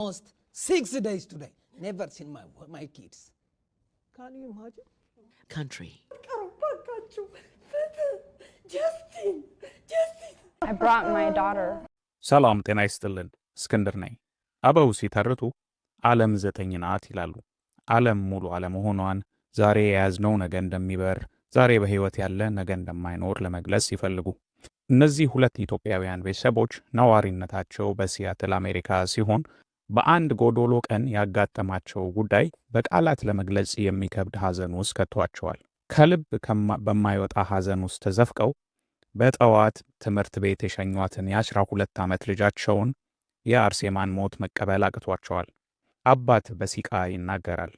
almost six days today. Never seen my, my kids. Can you imagine? Country. I brought my daughter. ሰላም ጤና ይስጥልን። እስክንድር ነኝ። አበው ሲተርቱ ዓለም ዘጠኝ ናት ይላሉ። ዓለም ሙሉ አለመሆኗን ዛሬ የያዝነው ነገ እንደሚበር፣ ዛሬ በሕይወት ያለ ነገ እንደማይኖር ለመግለጽ ሲፈልጉ እነዚህ ሁለት ኢትዮጵያውያን ቤተሰቦች ነዋሪነታቸው በሲያትል አሜሪካ ሲሆን በአንድ ጎዶሎ ቀን ያጋጠማቸው ጉዳይ በቃላት ለመግለጽ የሚከብድ ሐዘን ውስጥ ከቷቸዋል። ከልብ በማይወጣ ሐዘን ውስጥ ተዘፍቀው በጠዋት ትምህርት ቤት የሸኟትን የአስራ ሁለት ዓመት ልጃቸውን የአርሴማን ሞት መቀበል አቅቷቸዋል። አባት በሲቃ ይናገራል።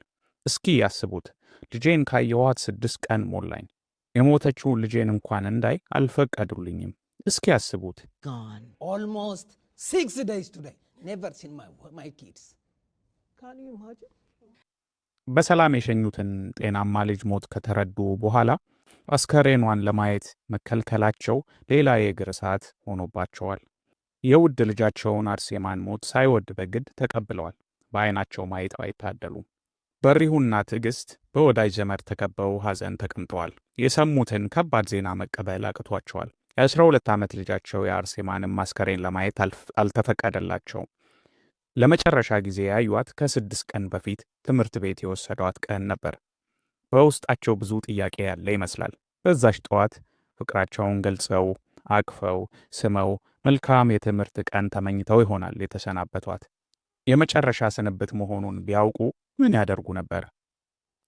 እስኪ ያስቡት፣ ልጄን ካየኋት ስድስት ቀን ሞላኝ። የሞተችውን ልጄን እንኳን እንዳይ አልፈቀዱልኝም። እስኪ ያስቡት ኔቨር ሲን ማይ ኪድስ ካን ዩ ኢማጂን። በሰላም የሸኙትን ጤናማ ልጅ ሞት ከተረዱ በኋላ አስከሬኗን ለማየት መከልከላቸው ሌላ የእግር እሳት ሆኖባቸዋል። የውድ ልጃቸውን አርሴማን ሞት ሳይወድ በግድ ተቀብለዋል። በአይናቸው ማየት አይታደሉም። በሪሁና ትዕግስት በወዳጅ ዘመድ ተከበው ሐዘን ተቀምጠዋል። የሰሙትን ከባድ ዜና መቀበል አቅቷቸዋል። የ12 ዓመት ልጃቸው የአርሴማንም ማስከሬን ለማየት አልተፈቀደላቸውም። ለመጨረሻ ጊዜ ያዩዋት ከስድስት ቀን በፊት ትምህርት ቤት የወሰዷት ቀን ነበር። በውስጣቸው ብዙ ጥያቄ ያለ ይመስላል። በዛች ጠዋት ፍቅራቸውን ገልጸው አቅፈው ስመው መልካም የትምህርት ቀን ተመኝተው ይሆናል የተሰናበቷት። የመጨረሻ ስንብት መሆኑን ቢያውቁ ምን ያደርጉ ነበር?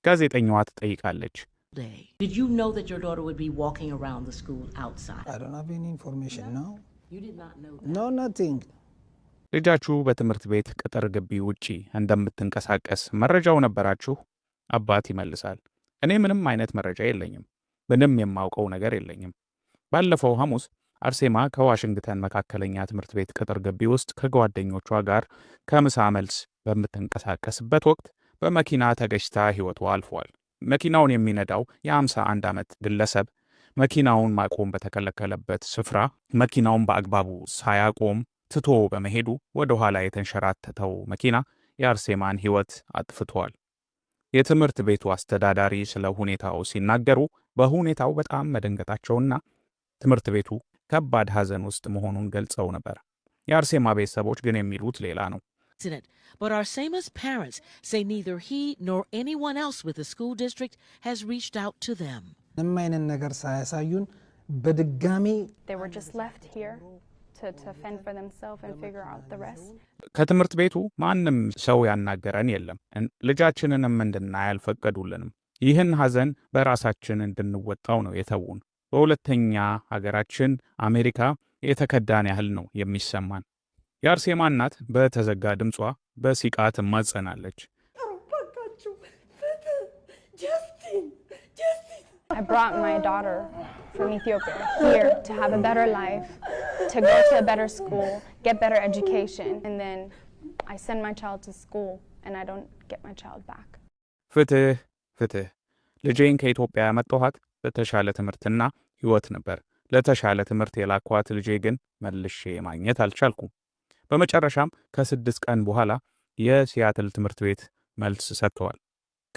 ጋዜጠኛዋ ትጠይቃለች። day. Did you know that your daughter would be walking around the school outside? I don't have any information, no. You did not know that. No, nothing. ልጃችሁ በትምህርት ቤት ቅጥር ግቢ ውጪ እንደምትንቀሳቀስ መረጃው ነበራችሁ? አባት ይመልሳል። እኔ ምንም አይነት መረጃ የለኝም። ምንም የማውቀው ነገር የለኝም። ባለፈው ሐሙስ አርሴማ ከዋሽንግተን መካከለኛ ትምህርት ቤት ቅጥር ግቢ ውስጥ ከጓደኞቿ ጋር ከምሳ መልስ በምትንቀሳቀስበት ወቅት በመኪና ተገጭታ ሕይወቷ አልፏል። መኪናውን የሚነዳው የ51 ዓመት ግለሰብ መኪናውን ማቆም በተከለከለበት ስፍራ መኪናውን በአግባቡ ሳያቆም ትቶ በመሄዱ ወደ ኋላ የተንሸራተተው መኪና የአርሴማን ሕይወት አጥፍቷል። የትምህርት ቤቱ አስተዳዳሪ ስለ ሁኔታው ሲናገሩ በሁኔታው በጣም መደንገጣቸውና ትምህርት ቤቱ ከባድ ሐዘን ውስጥ መሆኑን ገልጸው ነበር። የአርሴማ ቤተሰቦች ግን የሚሉት ሌላ ነው። accident, but Arsema's parents say neither he nor anyone else with the school district has reached out to them. They were just left here to fend for ከትምህርት ቤቱ ማንም ሰው ያናገረን የለም። ልጃችንንም እንድናይ አልፈቀዱልንም። ይህን ሐዘን በራሳችን እንድንወጣው ነው የተዉን። በሁለተኛ ሀገራችን አሜሪካ የተከዳን ያህል ነው የሚሰማን። የአርሴማ እናት በተዘጋ ድምጿ በሲቃ ትማጸናለች። ፍትህ ፍትህ! ልጄን ከኢትዮጵያ ያመጣኋት ለተሻለ ትምህርትና ሕይወት ነበር። ለተሻለ ትምህርት የላኳት ልጄ ግን መልሼ ማግኘት አልቻልኩም። በመጨረሻም ከስድስት ቀን በኋላ የሲያትል ትምህርት ቤት መልስ ሰጥተዋል።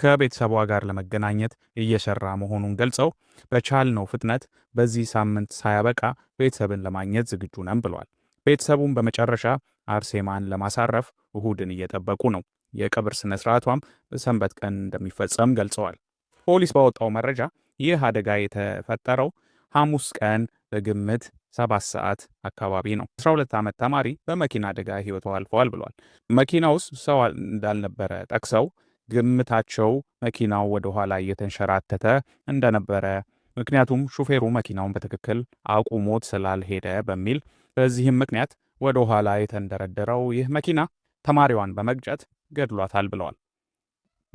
ከቤተሰቧ ጋር ለመገናኘት እየሰራ መሆኑን ገልጸው በቻልነው ፍጥነት በዚህ ሳምንት ሳያበቃ ቤተሰብን ለማግኘት ዝግጁ ነን ብሏል። ቤተሰቡን በመጨረሻ አርሴማን ለማሳረፍ እሁድን እየጠበቁ ነው። የቀብር ስነ ስርዓቷም ሰንበት ቀን እንደሚፈጸም ገልጸዋል። ፖሊስ ባወጣው መረጃ ይህ አደጋ የተፈጠረው ሐሙስ ቀን በግምት ሰባት ሰዓት አካባቢ ነው። 12 ዓመት ተማሪ በመኪና አደጋ ህይወቷ አልፈዋል ብሏል። መኪና ውስጥ ሰው እንዳልነበረ ጠቅሰው ግምታቸው መኪናው ወደኋላ እየተንሸራተተ እንደነበረ ምክንያቱም ሹፌሩ መኪናውን በትክክል አቁሞት ስላልሄደ በሚል በዚህም ምክንያት ወደ ኋላ የተንደረደረው ይህ መኪና ተማሪዋን በመግጨት ገድሏታል ብለዋል።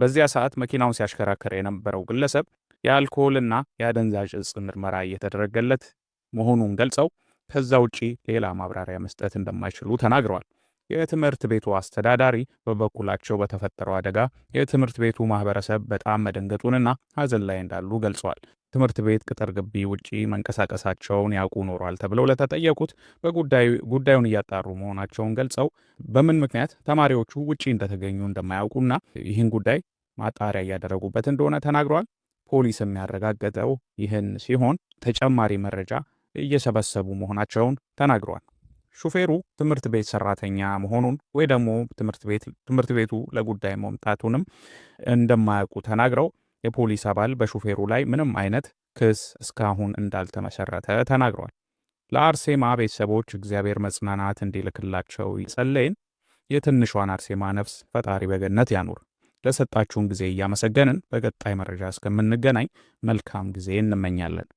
በዚያ ሰዓት መኪናውን ሲያሽከራከር የነበረው ግለሰብ የአልኮልና የአደንዛዥ እጽ ምርመራ እየተደረገለት መሆኑን ገልጸው ከዛ ውጪ ሌላ ማብራሪያ መስጠት እንደማይችሉ ተናግረዋል። የትምህርት ቤቱ አስተዳዳሪ በበኩላቸው በተፈጠረው አደጋ የትምህርት ቤቱ ማህበረሰብ በጣም መደንገጡንና ሐዘን ላይ እንዳሉ ገልጸዋል። ትምህርት ቤት ቅጥር ግቢ ውጪ መንቀሳቀሳቸውን ያውቁ ኖሯል ተብለው ለተጠየቁት ጉዳዩን እያጣሩ መሆናቸውን ገልጸው በምን ምክንያት ተማሪዎቹ ውጪ እንደተገኙ እንደማያውቁና ይህን ጉዳይ ማጣሪያ እያደረጉበት እንደሆነ ተናግረዋል። ፖሊስ ያረጋገጠው ይህን ሲሆን ተጨማሪ መረጃ እየሰበሰቡ መሆናቸውን ተናግሯል። ሹፌሩ ትምህርት ቤት ሰራተኛ መሆኑን ወይ ደግሞ ትምህርት ቤቱ ለጉዳይ መምጣቱንም እንደማያውቁ ተናግረው የፖሊስ አባል በሹፌሩ ላይ ምንም አይነት ክስ እስካሁን እንዳልተመሰረተ ተናግሯል። ለአርሴማ ቤተሰቦች እግዚአብሔር መጽናናት እንዲልክላቸው ይጸለይን። የትንሿን አርሴማ ነፍስ ፈጣሪ በገነት ያኑር። ለሰጣችሁን ጊዜ እያመሰገንን በቀጣይ መረጃ እስከምንገናኝ መልካም ጊዜ እንመኛለን።